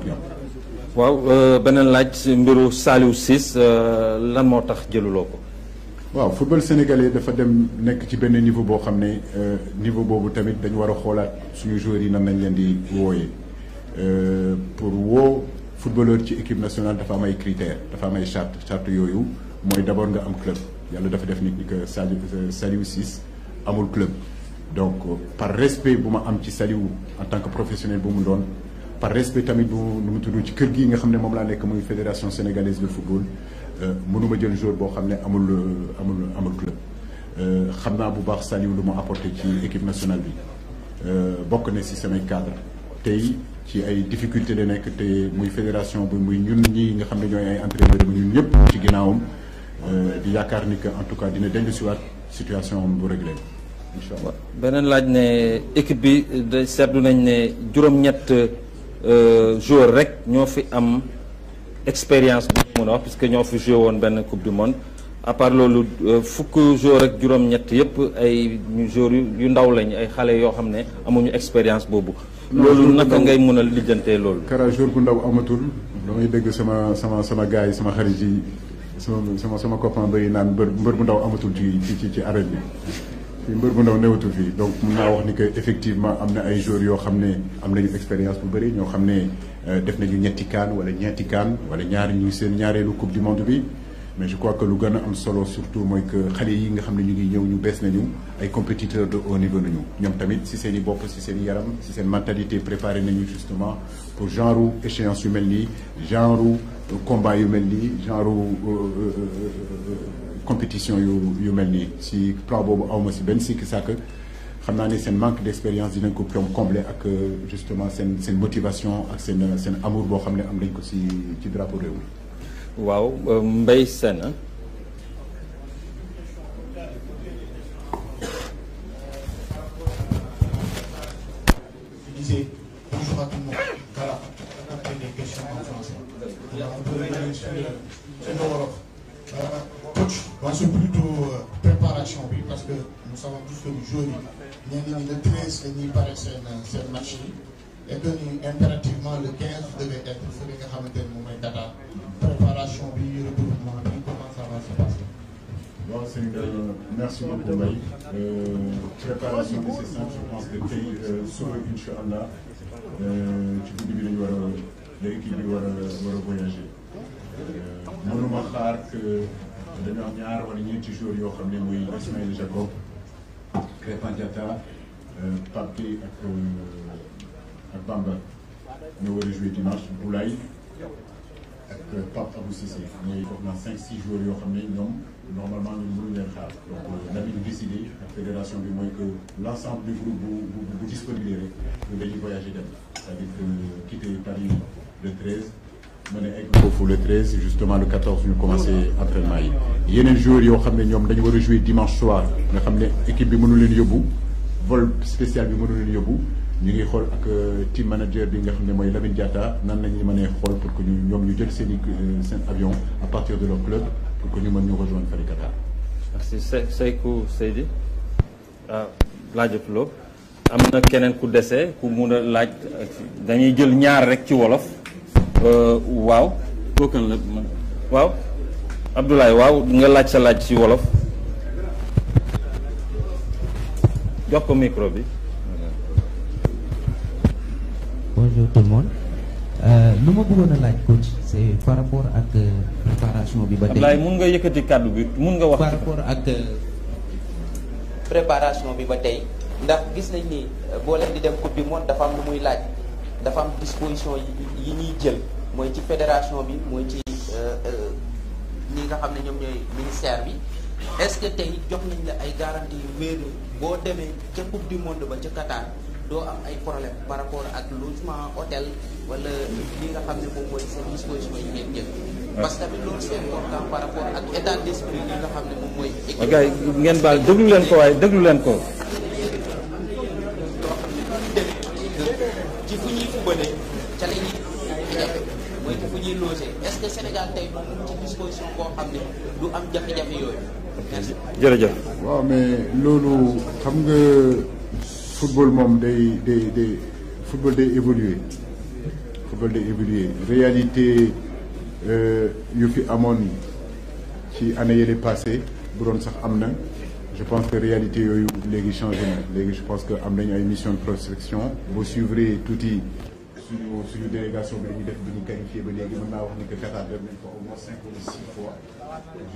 champion. waaw euh, beneen laaj mbiru Saliou Ciss euh, lan moo tax jëluloo ko. waaw football sénégalais dafa dem nekk ci benn niveau boo xam ne euh, niveau boobu tamit dañu war a xoolaat suñu joueurs yi nan lañ leen di wooyee pour woo footballeur ci équipe nationale dafa am ay critères dafa am ay charte charte yooyu mooy d'abord nga am club yàlla dafa def nit ñi que Saliou Saliou Ciss amul club donc par respect bu ma am ci Saliou en tant que professionnel bu mu doon. par respect tamit bu nu mu ci kër gi nga xam ne moom laa nekk muy fédération sénégalaise de football euh, mënuma jël joueur boo xam ne amul euh, amul amul club euh, xam naa bu baax Saliou lu mu apporté ci équipe nationale bi bokk na si samay cadre tey ci ay difficulté la nekk te muy fédération bi muy ñun ñi nga xam ne ñooy ay entraîneur bi ñun ñëpp ci ginnaawam di yaakaar ni que en tout cas dina dellu siwaat situation bu réglé incha allah beneen laaj ne équipe bi de seetlu nañ ne juróom-ñett Euh, jour rek ñoo fi am expérience bu mën a wax puisque ñoo fi joué woon benn coupe du monde à part loolu euh, fukk joueur ak juróom-ñett yëpp ay joueur yu ndaw lañ ay xale yoo xam ne amuñu expérience boobu. loolu naka ngay mën a lijjantee loolu. Kara joueur bu ndaw amatul. damay dégg sama sama sama gars yi sama xarit yi sama sama sama copain bay naan mbër mbër bu ndaw amatul ci ci ci arène bi. fii mbër bu ndaw newatu fii donc mun naa wax ni que effectivement am na ay joueurs yoo xam ne am nañu expérience bu bëri ñoo xam ne euh, def nañu ñetti kaan wala ñeenti kaan wala ñaari ñu seen ñaareelu coupe du monde bi mais je crois que lu gën am solo surtout mooy que xale yi nga xam ne ñu ngi ñëw ñu bees nañu ay compétiteurs de haut niveau nañu ñoom tamit si seeni bopp si seen i yaram si seen mentalité préparé nañu justement pour genre échéance yu mel nii genre combat yu mel nii genre euh, euh, compétition yu yu mel nii si plan boobu awma ci benn sikki sàkk xam naa ni seen manque d'expérience dinañ ko comme combler ak euh, justement seen seen motivation ak seen euh, amur boo xam ne am nañ ko si ci drapeau réew mi. Euh, commencer plutôt euh, préparation bi parce que nous savons tous que joueurs yi ñenn ñi le treize dañuy pare seen seen match yi et que ni le quinze devait être ce li nga xamante ne moom mooy data préparation bi regroupement bi comment ça va se passer. waaw c'est euh, merci beaucoup Mbaye euh, préparation bi c'est simple je pense que allah ci guddi bi war a l'équipe bi war war voyager mënuma xaar dañu am ñaar wala ñeenti joueurs yoo xam ne muy Ismaïla Jacob Krépin Diatta euh, Pape ak euh, ak Bamba ñoo war a jouer dimanche Boulaye ak euh, Pape Abou Cissé mooy cinq six joueurs yoo xam ne ñoom normalement ñun mënuñ leen xaar donc la ñu décidé ak fédération bi mooy que l' du groupe bu bu bu disponible voyager dem c'est-à-dire que quitter Paris le ma ne egg foofu le 13 justement le 14 ñu commencé entraînement yi yeneen joueurs yoo xam ne ñoom dañu war a jouer dimanche soir nga xam ne équipe bi mënu leen yóbbu vol spécial bi mënu leen yóbbu ñu ngi xool ak euh, team manager bi nga xam ne mooy Lamine Diatta nan lañuy mënee xool pour que ñu ñoom ñu jël seen i euh, seen avion à partir de leur club pour que ñu mën ñu rejoindre fële Qatar. merci Se Seykou Seydi ah am na keneen ku dese ku mun a laaj dañuy jël ñaar rek ci wolof. Euh, waaw. kookan la waaw. nga laaj sa laaj si wolof. jox ko micro bi. bonjour tout le monde. Euh, lu ma bëggoon a laaj coach c'est par rapport ak euh, préparation bi ba tey. Abdoulaye mun nga yëkkati kàddu bi mun nga wax. par rapport ak préparation bi ba tey ndax gis nañ ni boo di dem coupe du monde dafa am lu muy laaj. dafa am disposition yi ñuy jël mooy ci fédération bi mooy ci euh, euh, ñi nga xam ne ñoom ñooy ministère bi est-ce que tey jox nañ la ay garantie yu weer wér boo demee ca coupe du monde ba ca Qatar doo am ay problème par rapport ak logement hôtel wala li nga xam ne moom mooy seen disposition yi ngeen jël. parce que tamit loolu c'est important par rapport ak état d'esprit li nga xam ne moom mooy. équipe ngeen baal déglu leen ko waaye déglu leen ko. que ci fu ñuy fubalee ca la ñuy jafe mooy ci fu ñuy loger est-ce que Sénégal tey moom mu ci disposition koo xam ne du am jafe-jafe yooyu merci. waaw mais loolu xam nga football moom day day day football day évoluer football day évoluer réalité euh, yu fi amoon ci année yële passé bu doon sax am na. je pense que réalité yooyu léegi changé na léegi je pense que am nañu ay mission de prospection boo suivre tuuti suñu suñu délégation ba dañuy def bi ñu qualifié ba léegi mën naa wax ni que Qatar dem nañ fa au moins cinq ou six fois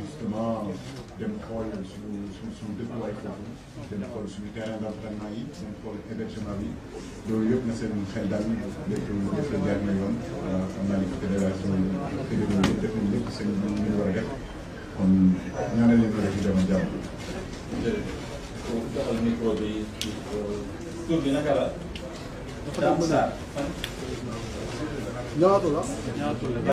justement dem xool suñu suñu suñu dëkkuwaay foofu dem xool suñu terrain d'entraînement yi dem xool hébergement bi loolu yëpp na seen xel daal lépp lépp na yoon xam naa ni fédération fédéraux yëpp def nañ lépp seen ñu a def kon ñaanal leen ko rek di dem ak jàmm. joxal micro bi tur bi naka la. dafa la.